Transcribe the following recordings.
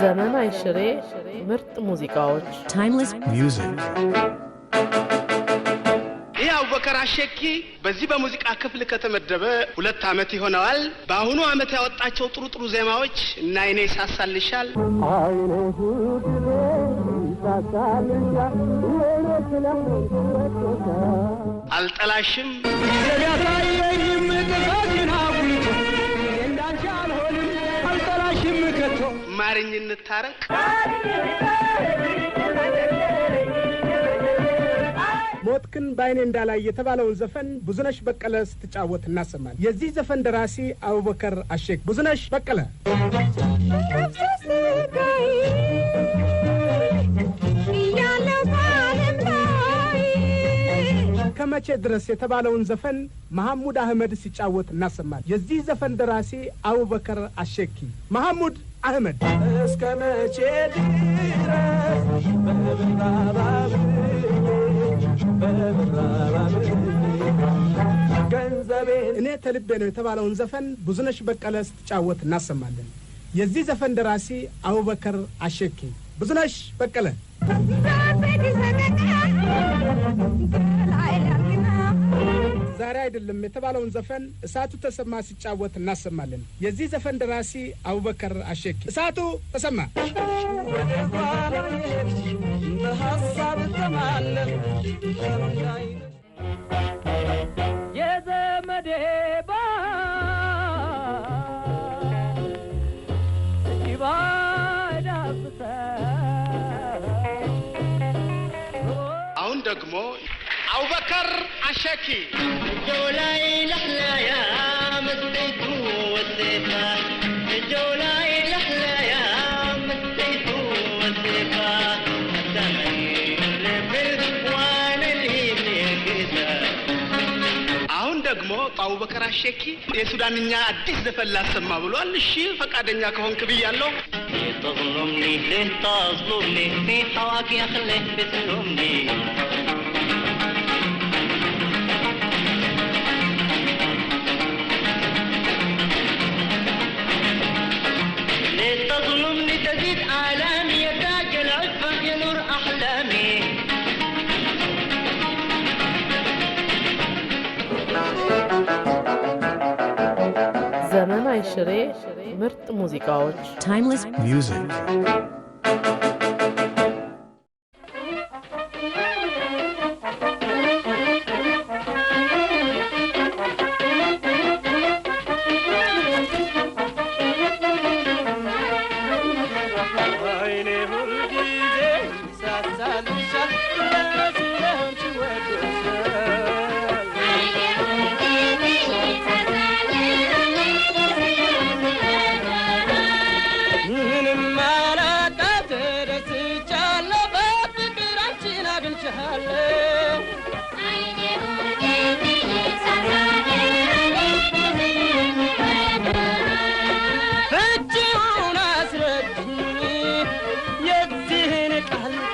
ዘመናዊ አይሽሬ ምርጥ ሙዚቃዎች ታይምለስ ሚውዚክ ይህ አቡበከር አሸኪ በዚህ በሙዚቃ ክፍል ከተመደበ ሁለት ዓመት ይሆነዋል። በአሁኑ ዓመት ያወጣቸው ጥሩ ጥሩ ዜማዎች እና አይኔ ይሳሳልሻል አይኔ ሁድሬ ይሳሳልሻል አልጠላሽም ታርኝ እንታረቅ ሞትክን በአይኔ እንዳላይ የተባለውን ዘፈን ብዙነሽ በቀለ ስትጫወት እናሰማል። የዚህ ዘፈን ደራሲ አቡበከር አሼክ። ብዙነሽ በቀለ ከመቼ ድረስ የተባለውን ዘፈን መሐሙድ አህመድ ሲጫወት እናሰማል። የዚህ ዘፈን ደራሲ አቡበከር አሼኪ መሐሙድ አህመድ እስከ መቼ እኔ ተልቤ ነው የተባለውን ዘፈን ብዙነሽ በቀለ ስትጫወት እናሰማለን። የዚህ ዘፈን ደራሲ አቡበከር አሸኬ። ብዙነሽ በቀለ ዛሬ አይደለም የተባለውን ዘፈን እሳቱ ተሰማ ሲጫወት እናሰማለን። የዚህ ዘፈን ደራሲ አቡበከር አሸኪ። እሳቱ ተሰማ በሀሳብ ተማለን የዘመዴ አሁን ደግሞ አቡበከር አሸኪ جولاي لحنا يا مسيت والسيفة جولاي لحنا يا مسيت والسيفة አሁን ደግሞ ጣው በከራ ሼኪ የሱዳንኛ አዲስ ዘፈን ላሰማ ብሏል። እሺ ፈቃደኛ ከሆንክ ብያለሁ። تظلمني ليه تظلمني في حواك يا خليه بتلومني ഐശ്വര്യ ምርጥ ሙዚቃዎች ታይምለስ ሚውዚክ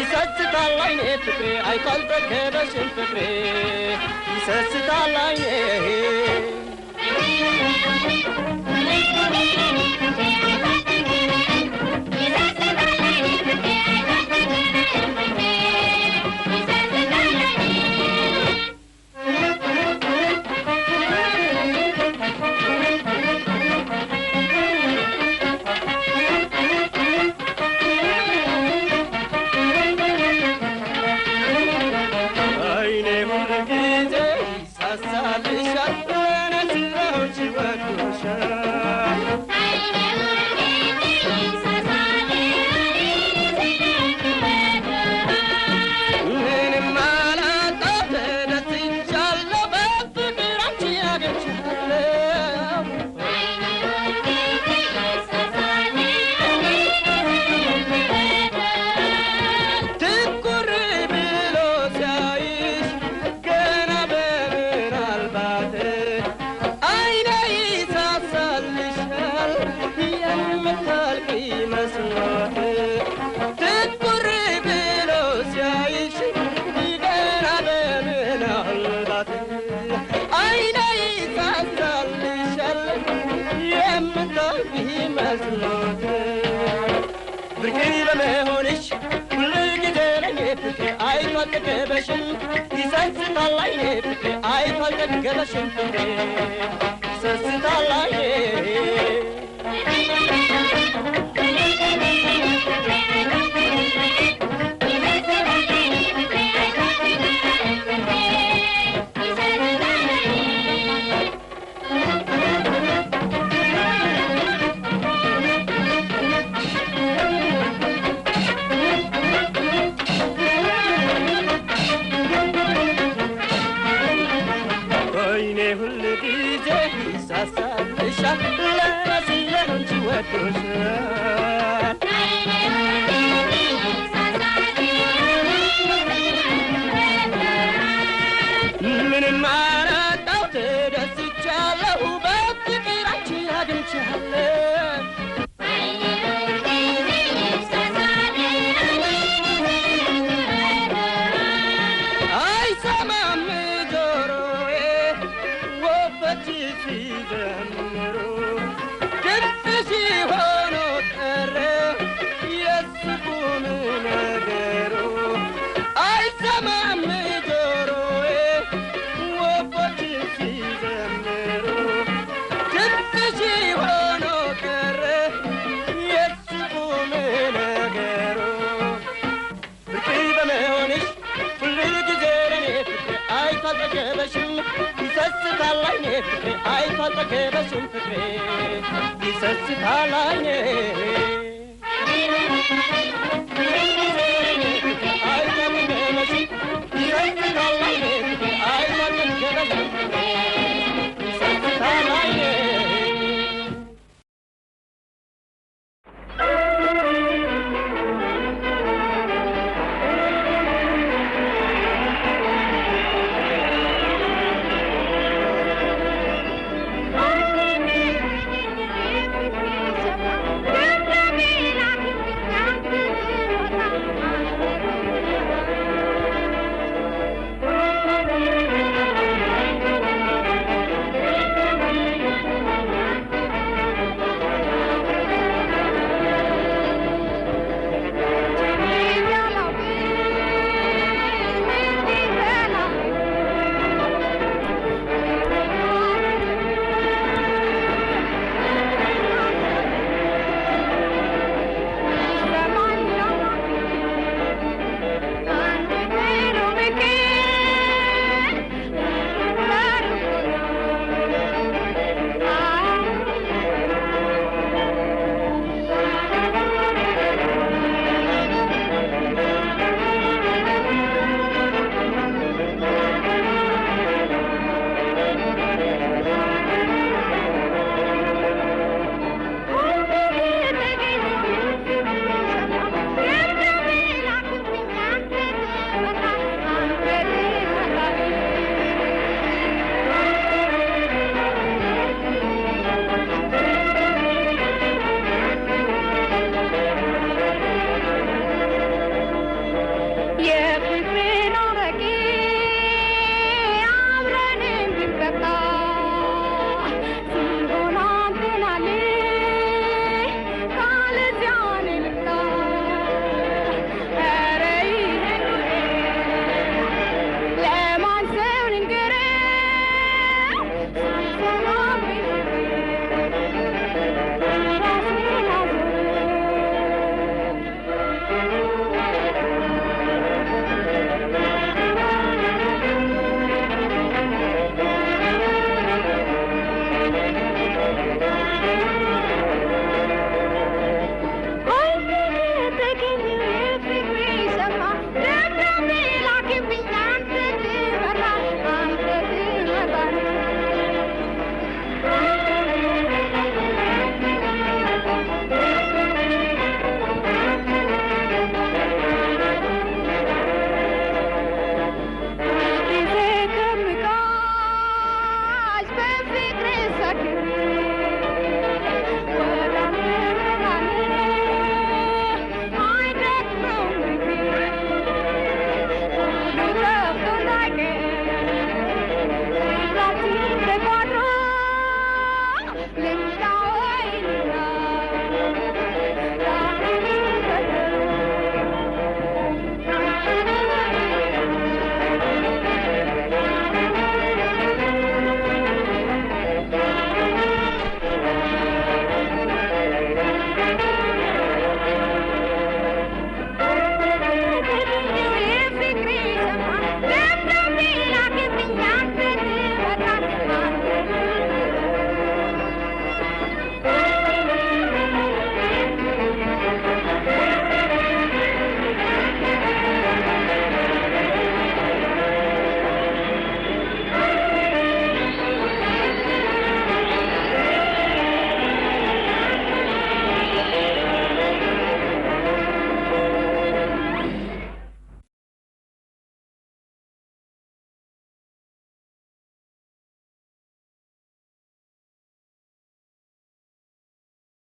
يسس طلعين فكري اي قلبك هبش فكري يسس طلعين ايه Sharad ገበሽን ይሰስታላዬ አይፈቅድ ገበሽን ፍሬ ሰስታላዬ ምንም አላጣሁት ደስቻለሁ በፍቅራችን አግኝቻለሁ ay falta que me sufre, y se cita la nieve. Ay, que me sufre, y se cita la nieve.